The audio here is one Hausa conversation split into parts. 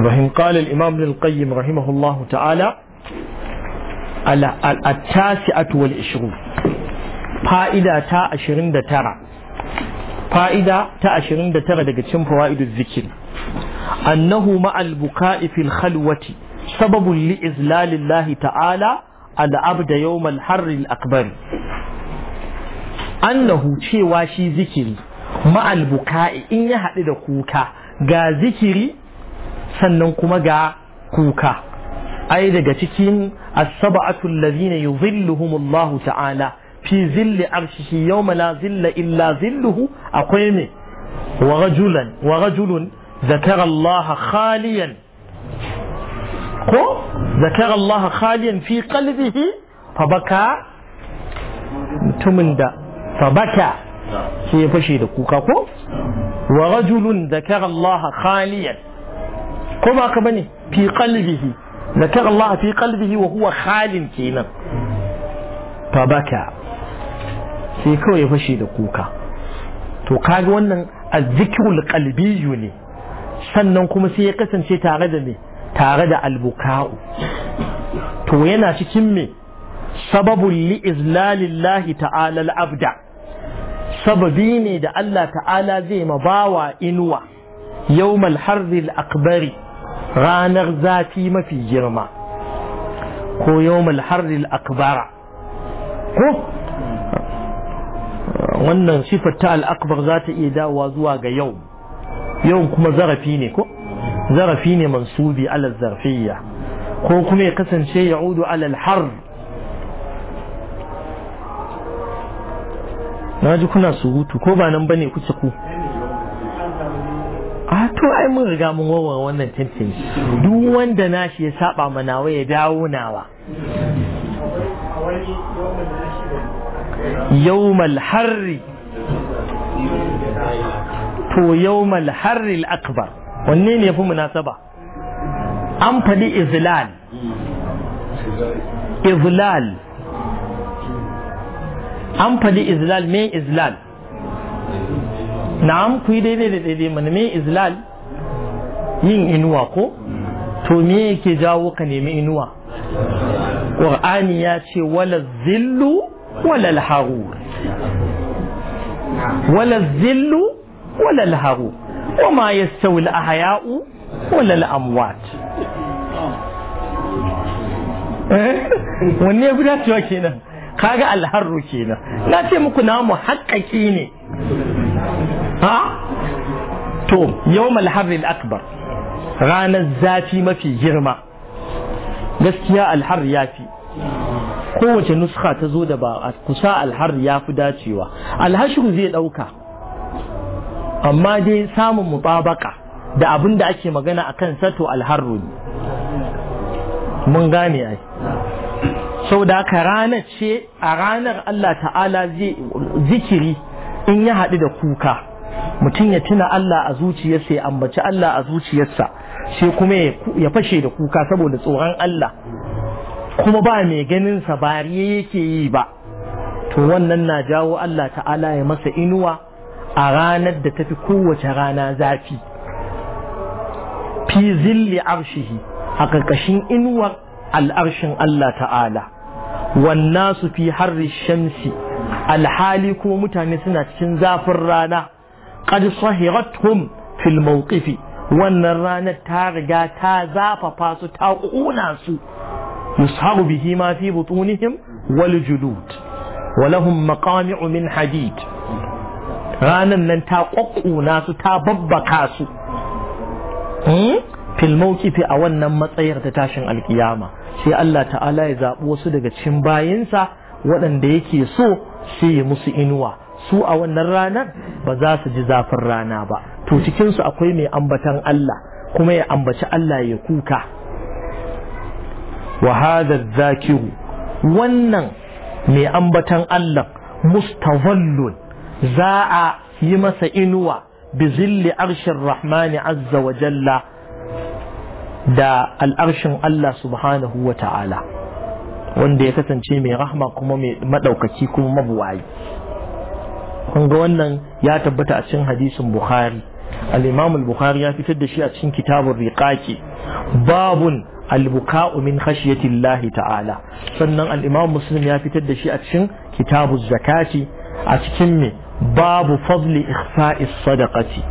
رحم قال الإمام ابن القيم رحمه الله تعالى التاسعة والعشرون فائدة تا عشرين ترى فائدة تا عشرين ترى دقتشم فوائد الذكر أنه مع البكاء في الخلوة سبب لإذلال الله تعالى العبد يوم الحر الأكبر أنه شيء واشي ذكري مع البكاء إن يحدد كوكا ga zikiri sannan kuma ga kuka ai daga cikin as-sab'atu allazina yuzilluhumullahu ta'ala fi zilli arshihi yawma la zilla illa zilluhu akwai ne wa rajulan wa rajulun ذكر الله خاليا ذكر khaliyan fi في Fa baka. mutumin da baka. sai ya fashe da kuka ko wa rajulun zakara Allah khaliyan ko ba ka bane fi qalbihi zakar Allah fi qalbihi wa huwa khalin kenan fa baka sai kawai ya fashe da kuka to kaga wannan azzikrul qalbiyyu ne sannan kuma sai ya kasance tare da me tare da albuka'u to yana cikin me sababul li izlalillahi ta'ala al-abda sababi ne da Allah ta'ala zai ma bawa inuwa yawmal harri akbari ranar zafi mafi girma ko yawmul harril akbara ko wannan sifar ta al'akbar za ta iya dawowa zuwa ga yau yau kuma zarafi ne ko zarafi ne mansubi ala zarfiya ko kuma ya kasance ya udu alal har na ji kuna surutu ko ba nan bane kuce ku a to ai mun riga mun wawa wannan tantan duk wanda nashi ya saba ma nawa ya dawo nawa yawmal harri to yawmal harri akbar wanne ne fi munasaba an izlal izlal an faɗi izlal me izlal na'am ku yi daidai da daidai mana me izlal yin inuwa ko to me yake jawo ka nemi inuwa qur'ani ya ce wala zillu wala harur wala zillu wala harur وما yastawi الأحياء wala alamwat eh? wanne guda cewa kenan kaga alharru kenan na ce muku namu haƙƙaƙi ne ha to yawmal Alharin akbar ranar zafi mafi girma gaskiya alhar ya fi kowace nuska ta zo da ba a kusa alhar ya fi dacewa Alhashin zai ɗauka amma dai samun mutabaka da abin ake magana a kan sato alharru ne mun gane ai sau da aka ranar ce a ranar Allah ta'ala zikiri in ya haɗu da kuka mutum ya tuna Allah a zuciyarsa ya ambaci Allah a zuciyarsa sai kuma ya fashe da kuka saboda tsoron Allah kuma ba mai ganin sa bariye yake yi ba to wannan na jawo Allah ta'ala ya masa inuwa a ranar da tafi kowace rana zafi fi zilli arshihi a ƙarƙashin inuwar al'arshin Allah ta'ala wannan su fi harri shamsi alhali ko mutane suna cikin zafin rana qad sahirathum wannan ranar ta riga ta zafafa su ta ƙuna su yusharu bihi ma fi butunihim wal julud maqami'u min hadid ranan nan ta ƙwaƙƙuna su ta babbaka su fil mawqifi a wannan matsayar ta tashin alkiyama sai Allah ta'ala ya zaɓi wasu daga cikin bayinsa waɗanda yake so sai ya musu inuwa su a wannan ranar ba za su ji zafin rana ba to cikinsu akwai mai ambatan Allah kuma ya ambaci Allah ya kuka Wahadar zakiru wannan mai ambatan Allah mustazallun za a yi masa inuwa bi zilli arshin rahmani azza wa jalla da al'arshin Allah subhanahu wa ta'ala wanda ya kasance mai rahma kuma mai maɗaukaki kuma mabuwayi kun ga wannan ya tabbata a cikin hadisin bukhari al-imam al-bukhari ya fitar da shi a cikin kitabun riqaqi babun al-buka'u min khashyati Allah ta'ala sannan al-imam muslim ya fitar da shi a cikin kitabu zakati a cikin me babu fadli ikhfa'i sadaqati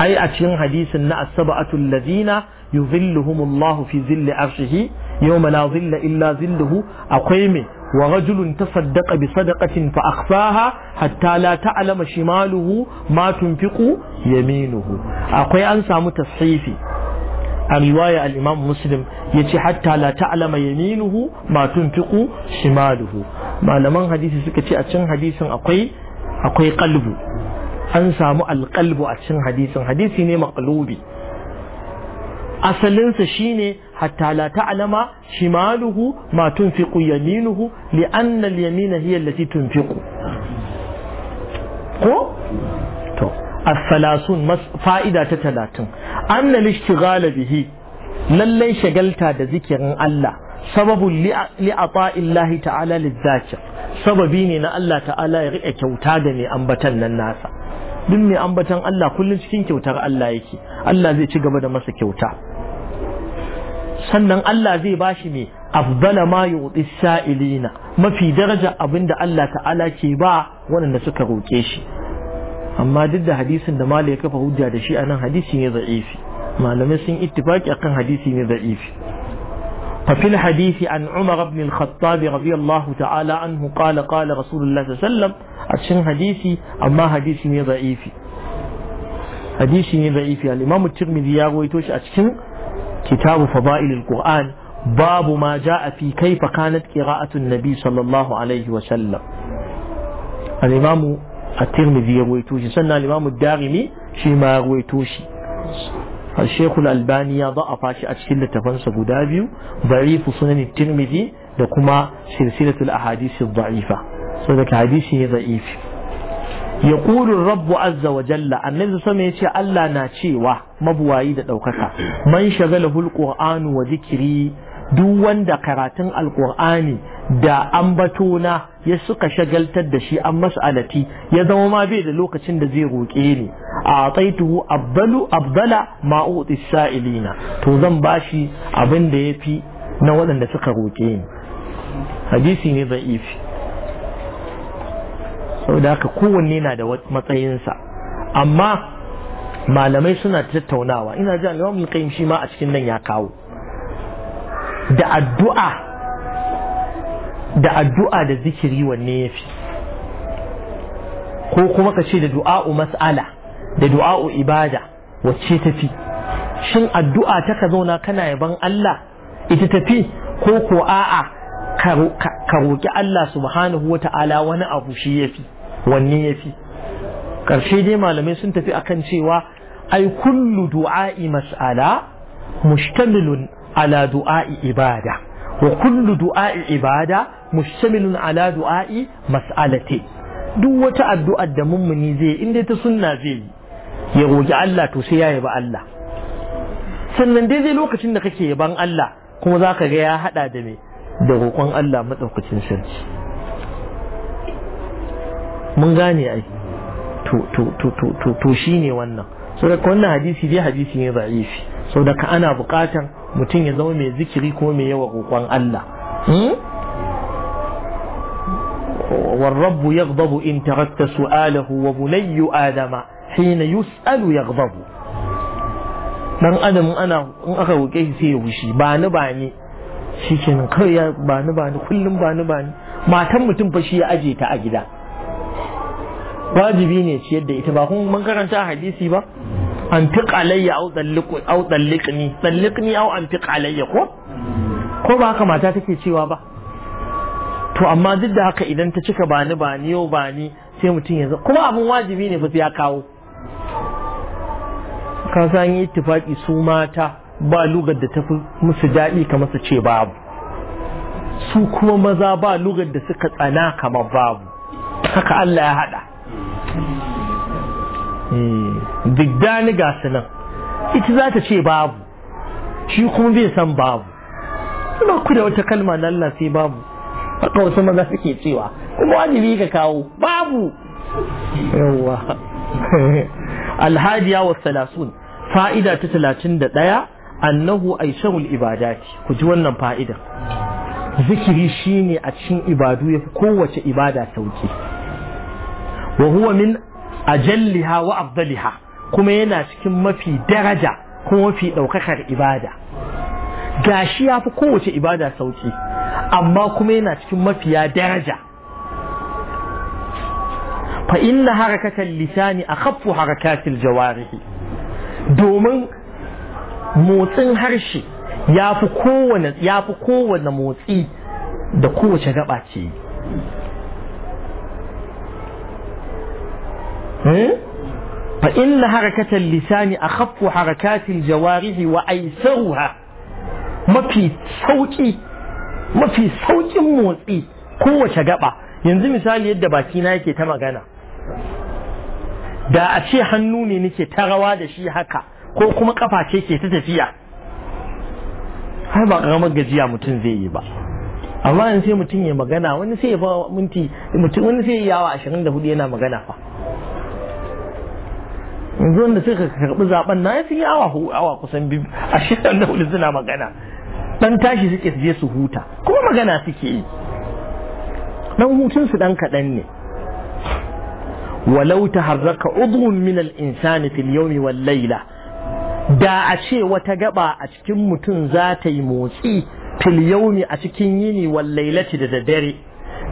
ai a cikin hadisin na as-sab'atu alladhina yuzilluhum Allah fi zilli arshihi yawma la zilla illa zilluhu akwai me ورجل تصدق بصدقة فأخفاها حتى لا تعلم شماله ما تنفق يمينه أقوي أنسى متصحيفي الرواية الإمام مسلم يتي حتى لا تعلم يمينه ما تنفق شماله ما لمن حديث سكتي أتشن حديث أقوي أقوي قلب أنسى القلب أتشن حديث حديث ني مقلوبي أصلنس شيني hatta la ta'lama shimaluhu ma tunfiqu yaminuhu li anna al-yamina hiya allati tunfiqu ko to as-salasun fa'ida ta 30 anna al-ishtighala bihi lallai shagalta da zikirin Allah sababun li'ata'illahi ta'ala lizzakir sababi ne na Allah ta'ala ya rike kyauta da mai ambatan nan nasa duk mai ambatan Allah kullum cikin kyautar Allah yake Allah zai ci gaba da masa kyauta sannan Allah zai shi me abdala ma yuti sa'ilina mafi daraja abinda Allah ta'ala ke ba waɗanda suka roƙe shi amma duk da hadisin da mala ya kafa hujja da shi anan hadisi ne za'ifi malamai sun ittifaki akan hadisi ne za'ifi ففي الحديث عن عمر بن الخطاب رضي الله تعالى عنه قال قال رسول الله صلى الله عليه وسلم عشان حديثي أما حديثي ضعيف حديثي ضعيف الإمام الترمذي يروي توش كتاب فضائل القرآن باب ما جاء في كيف كانت قراءة النبي صلى الله عليه وسلم الإمام الترمذي رويتوشي سنة الإمام الدارمي شيما رويتوشي الشيخ الألباني يا ضعف شيء أتشكل تفنس قدابيو ضعيف سنن الترمذي لكما سلسلة الأحاديث الضعيفة سنة حديثه ضعيف ya ƙurin rabbu azza wa jalla annabi sama ya ce Allah na cewa mabuwayi da ɗaukaka man shagala qur'anu wa zikiri duk wanda karatun alƙur'ani da ambatona ya suka shagaltar da shi an alati, ya zama ma bai da lokacin da zai roƙe ni a taituhu abdalu abdala ma'uti sa'ilina to zan bashi abin da ya fi na waɗanda suka roƙe ni hadisi ne zan ifi saboda haka kowanne na da matsayinsa amma malamai suna tattaunawa ina ji al-imam shi ma a cikin nan ya kawo da addu'a da addu'a da zikiri wanne ya fi? ko kuma ka ce da du'a'u mas'ala da du'a'u ibada wacce tafi shin addu'a ta ka zauna kana yaban Allah ita tafi ko ko a'a ka roƙi Allah subhanahu wa ta'ala wani abu shi ya fi wanne ya fi ƙarshe dai malamai sun tafi akan cewa ai kullu du'a'i mas'ala mushtamilun ala du'a'i ibada wa kullu du'a'i ibada mushtamilun ala du'a'i mas'alate duk wata addu'ar da mummuni zai in dai ta sunna zai yi ya roƙi Allah to sai ya yaba Allah sannan dai zai lokacin da kake yaban Allah kuma zaka ga ya haɗa da me da roƙon Allah maɗaukacin sarki mun gane ai to shi ne wannan so da wannan hadisi dai hadisi ne za'ifi so da ka ana buƙatan mutum ya zama mai zikiri ko mai yawa roƙon Allah والرب يغضب إن تركت سؤاله وبني آدم حين يسأل يغضب dan Adamu ana in aka roƙe shi sai ya wushi ba ni ba ni shi kenan kawai ya bani bani kullum bani bani matan mutum fa shi ya aje ta a gida wajibi ne ciyar da ita ba kun mun karanta hadisi ba an fi kalayya aw dalliqu aw dalliqni dalliqni aw an fi kalayya ko ko ba haka mata take cewa ba to amma duk da haka idan ta cika bani bani yau bani sai mutum ya kuma abin wajibi ne fa sai ya kawo ka san yi tufaki su mata ba lugar da tafi musu daɗi kamar su ce babu su kuma maza ba lugar da suka tsana kamar babu haka Allah ya haɗa hmm. ni ga su nan ita za ta ce babu shi kuma bai san babu suna ku da wata kalma na Allah sai babu kawai wasu maza suke cewa kuma wajibi ka kawo babu yawwa alhadiya wa salasun fa'ida ta talatin da ɗaya annahu ibada ibadati ku ji wannan fa'idar. zikiri shine a cikin ibadu yafi kowace ibada sauki wa huwa min ajalliha wa afdaliha kuma yana cikin mafi daraja ko mafi daukakar ibada gashi fi kowace ibada sauki amma kuma yana cikin mafiya daraja fa inna harakatal lisani akhaffu harakatil jawarihi domin motsin harshe ya fi kowane ya fi kowane motsi da kowace gaba ce hmm? fa inna harakatal lisani akhaffu harakatil jawarihi wa aisaruha mafi sauki mafi saukin motsi kowace gaba yanzu misali yadda baki na yake ta magana da a ce hannu ne nake ta rawa da shi haka ko kuma kafa ce ke ta tafiya har ba ƙaramar gajiya mutum zai yi ba amma in sai mutum ya magana wani sai ya ba minti mutum wani sai ya yawa 24 yana magana fa yanzu wanda suka karɓi zaben na sun yi awa awa kusan biyu a shirin da hudu suna magana dan tashi suke su je su huta kuma magana suke yi dan hutun su dan kaɗan ne walau harzaka udhun min al-insani fil yawmi wal layla da a ce wata gaba a cikin mutum za ta yi motsi fil a cikin yini wal lailati da daddare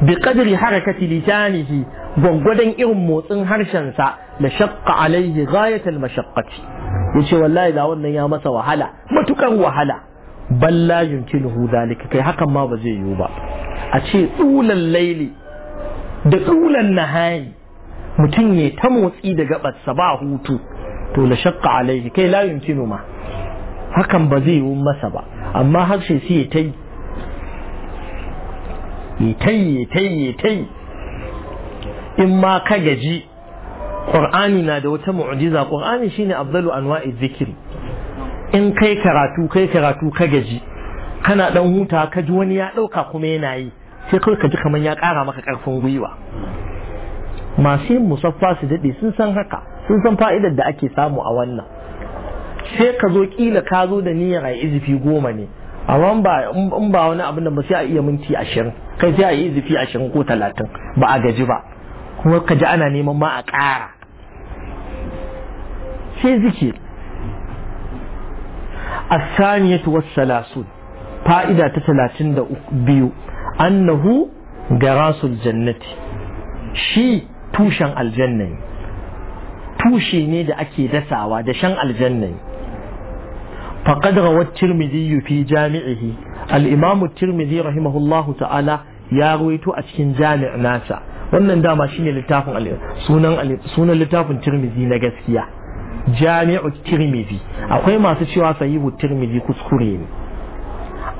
bi qadri harakati lisanihi gwangwadon irin motsin harshensa la shaqqa alaihi ghayatal mashaqqati yace wallahi da wannan ya masa wahala matukan wahala balla yumkinuhu zalika kai hakan ma ba zai yiwu ba a ce dulan laili da dulan nahayi mutum ya ta motsi da gabarsa ba hutu to la shakka alaihi kai la yumkinu ma hakan ba zai yi masa ba amma harshe sai ya tai ya tai ya tai ya tai in ma ka gaji qur'ani na da wata mu'jiza qur'ani shine afdalu anwa'i zikiri in kai karatu kai karatu ka gaji kana dan huta ka ji wani ya dauka kuma yana yi sai kawai ka ji kamar ya kara maka karfin gwiwa masu yin musaffa su daɗe sun san haka sun san fa'idar da ake samu a wannan sai ka zo kila ka zo da niyyar a izifi goma ne amma ba in ba wani abin da ba sai a iya minti ashirin kai sai a yi izifi ashirin ko talatin ba a gaji ba kuma ka ji ana neman ma a ƙara sai zikir الثانية والثلاثون فائدة تتلاتين بيو أنه jannati shi tushen aljanna ne tushe ne da ake dasawa da shan aljanna faqad rawa tirmidhi fi jami'ihi al-imam tirmidhi rahimahullahu ta'ala ya ruwaito a cikin jami' nasa wannan dama shine littafin sunan sunan littafin tirmidhi na gaskiya jami'u tirmidhi akwai masu cewa sahihu tirmidhi kuskure ne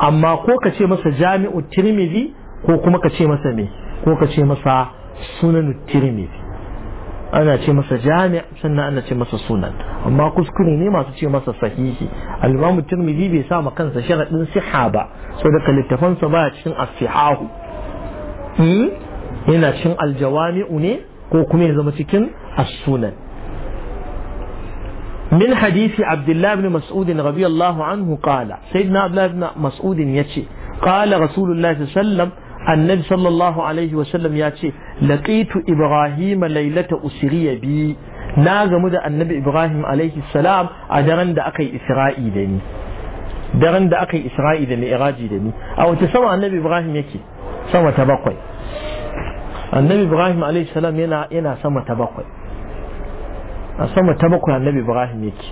amma ko ka ce masa jami'u tirmidhi ko kuma ka ce masa me ko ka ce masa sunan tirmidhi ana ce masa jami' sannan ana ce masa sunan amma kuskure ne masu ce masa sahihi al-imam tirmidhi bai sa ma kansa sharadin siha ba saboda littafan sa baya cikin as-sihahu hmm? yana cikin al-jawami'u ne ko kuma ya zama cikin as-sunan min hadisi عبد الله بن مسعود anhu الله عنه قال سيدنا عبد الله بن مسعود يتشي annabi sallallahu alaihi wasallam ya ce laqitu ibrahima lailata usriya bi na gamu da annabi ibrahim alaihi salam a daren da aka yi isra'i da ni daren da aka yi isra'i da ni mi'raji da ni a wace sama annabi ibrahim yake sama ta bakwai annabi ibrahim alaihi salam yana yana sama ta bakwai a sama ta bakwai annabi ibrahim yake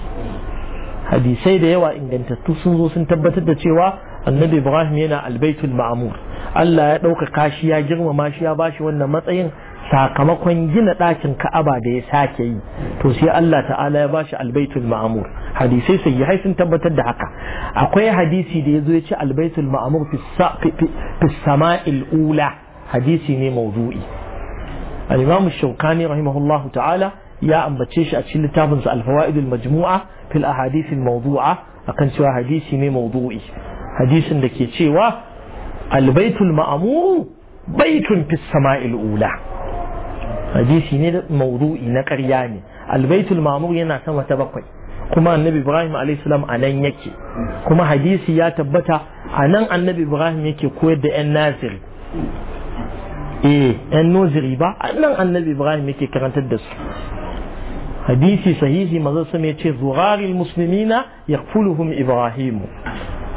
hadisai da yawa ingantattu sun zo sun tabbatar da cewa annabi ibrahim yana albaitul ma'mur Allah ya ɗaukaka shi ya girmama shi ya bashi wannan matsayin sakamakon gina ɗakin ka'aba da ya sake yi to sai Allah ta'ala ya bashi albaitul Ma'mur hadisi sai ya sun tabbatar da haka akwai hadisi da yazo ya ce albaitul Ma'mur fi fi sama'il ula hadisi ne mawdu'i al-imam Shawkani rahimahullahu ta'ala ya ambace shi a cikin littafin sa al-fawaidul majmu'a fil ahadith al-mawdu'a akan cewa hadisi ne mawdu'i hadisin da ke cewa albaitul ma'amuru baitun fi sama'il ula hadisi ne da maudu'i na ƙarya ne albaitul ma'amur yana sama wata bakwai kuma annabi ibrahim alaihissalam a yake kuma hadisi ya tabbata a nan annabi ibrahim yake koyar da 'yan naziri eh 'yan noziri ba a nan annabi ibrahim yake karantar da su hadisi sahihi mazan sama ya ce zurarin musulmina ya ibrahimu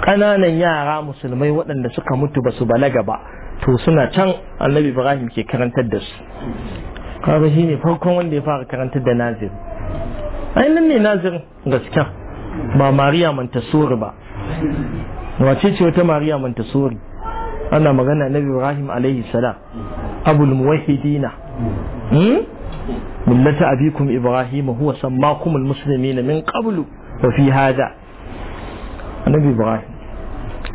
Kananan yara musulmai waɗanda suka mutu ba su balaga ba to suna can annabi ibrahim ke karantar da su kaga shi ne farkon wanda ya fara karantar da nazir ainihin ne nazir gaskiya ba mariya montessori ba wace ce wata mariya montessori ana magana annabi ibrahim alaihi salam abul muwahidina hmm? millata abikum ibrahim huwa sammakum na min qablu wa fi hada annabi ibrahim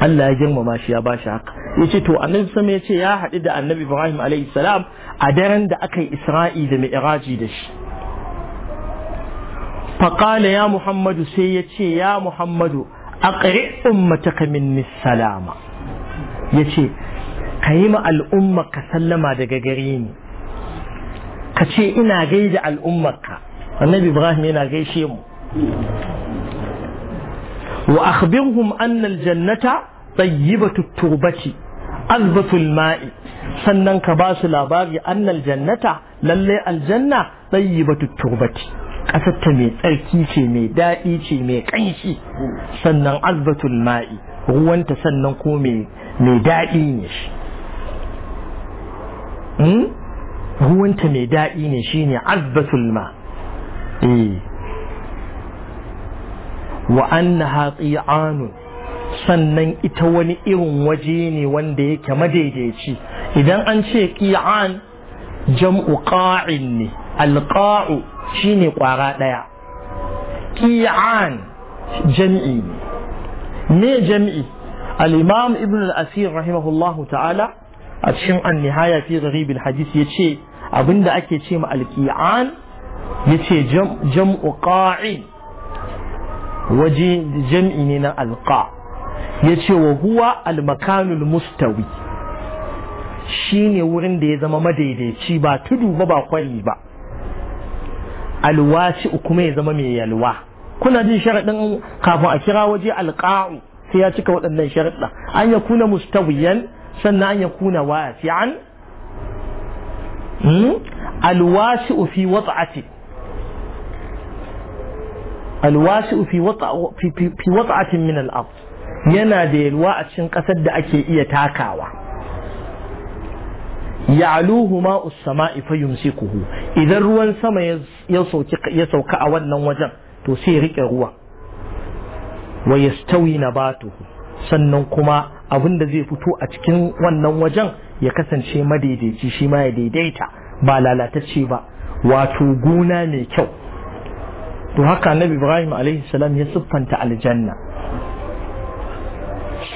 Allah ya girmama shi ya bashi haka yace to annabi sama yace ya haɗu da annabi Ibrahim alaihi salam a daren da aka yi Isra'i da Mi'raji da shi faqala ya Muhammadu sai yace ya Muhammadu aqri ummataka minni salama yace kayi ma al'umma ka sallama daga gare ni ka ce ina gaida ka annabi Ibrahim yana gaishe mu wa akhbirhum anna aljannata tayyibatu turbati azbatul ma'i sannan ka ba su labari anna aljannata lalle aljanna tayyibatu turbati kasarta mai tsarki ce mai daɗi ce mai ƙanshi sannan azbatul ma'i ruwanta sannan ko mai daɗi ne shi hmm? ruwanta mai daɗi ne shine azbatul ma eh. wa haƙi tsi'anun sannan ita wani irin waje ne wanda yake madaidaici idan an ce qi'an jam'u qa'in ne alqa'u shine kwara daya qi'an jam'i ne jam'i al-imam ibn al-asir rahimahullahu ta'ala a cikin an-nihaya fi gharib al ya yace abinda ake ce ma al ya yace jam'u qa'in waje jam'i ne na alƙa ya ce wa huwa almakanul mustawi shi ne wurin da ya zama madaidaici ba tudu ba ba kwari ba alwaci kuma ya zama mai yalwa kuna jin sharaɗin kafin a kira waje alƙa'u sai ya cika waɗannan sharaɗa an ya kuna mustawiyan sannan an ya kuna wasi'an hmm? alwashi fi wata'ati alwasi'u fi wata'atin min al-ard yana da yalwa a cikin ƙasar da ake iya takawa ya'luhu ma'us sama'i fa yumsikuhu idan ruwan sama ya sauka a wannan wajen to sai ya rike ruwa wa yastawi nabatuhu sannan kuma abin da zai fito a cikin wannan wajen ya kasance madaidaici shi ma ya daidaita ba lalatacce ba wato gona mai kyau to haka annabi ibrahim alaihi salam ya siffanta aljanna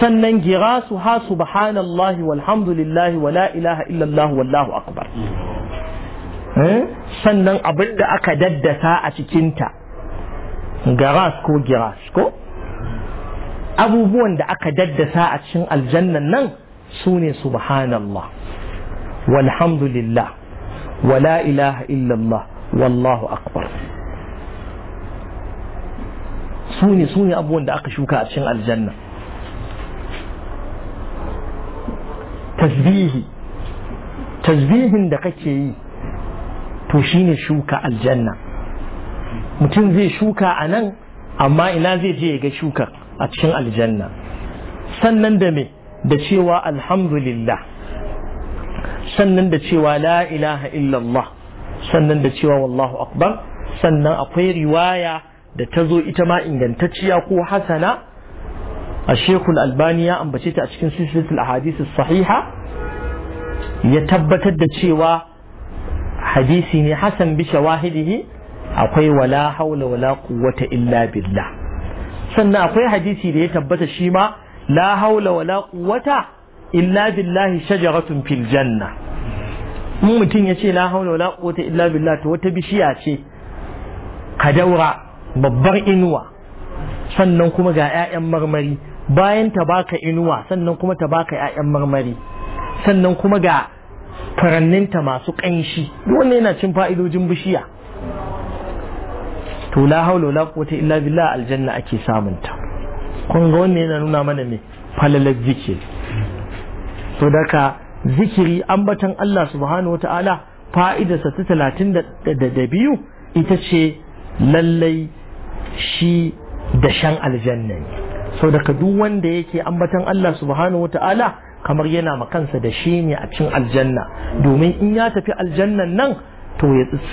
sannan girasu ha subhanallahi walhamdulillahi wa la ilaha illallah wallahu akbar eh? sannan abin da aka daddasa a cikinta giras ko giras ko abubuwan da aka daddasa a cikin aljannan nan sune ne subhanallah walhamdulillah wa la ilaha illallah wallahu akbar su ne su ne abubuwan da aka shuka a cikin aljanna tasbihi tasbihin da kake yi to shine shuka aljanna mutum zai shuka a nan amma ina zai je ya ga shuka a cikin aljanna sannan da me da cewa alhamdulillah sannan da cewa la ilaha illallah sannan da cewa wallahu akbar sannan akwai riwaya da ta zo ita ma ingantacciya ko hasana a shekul albani ya ambace ta a cikin silsilatul hadisi sahiha ya tabbatar da cewa hadisi ne hasan bi shawahidihi akwai wala haula wala quwwata illa billah sannan akwai hadisi da ya tabbata shi ma la haula wala quwwata illa billahi shajaratun fil janna mun mutum ya ce la haula wala quwwata illa billah to wata bishiya ce ka daura babbar inuwa sannan kuma ga 'ya'yan marmari bayan ta baka inuwa sannan kuma ta baka 'ya'yan marmari sannan kuma ga faranninta masu ƙanshi wannan yana cin fa'idojin bishiya to la haula la quwwata illa billah aljanna ake samunta kun ga wannan yana nuna mana me falalar zikiri to daga zikiri ambatan Allah subhanahu wataala fa'idarsa ta talatin da biyu ita ce lallai shi dashen aljanna ne sau daga duk wanda yake ambatan Allah subhanahu wata'ala kamar yana makansa da shi ne a cin aljanna domin in ya tafi aljannan nan to ya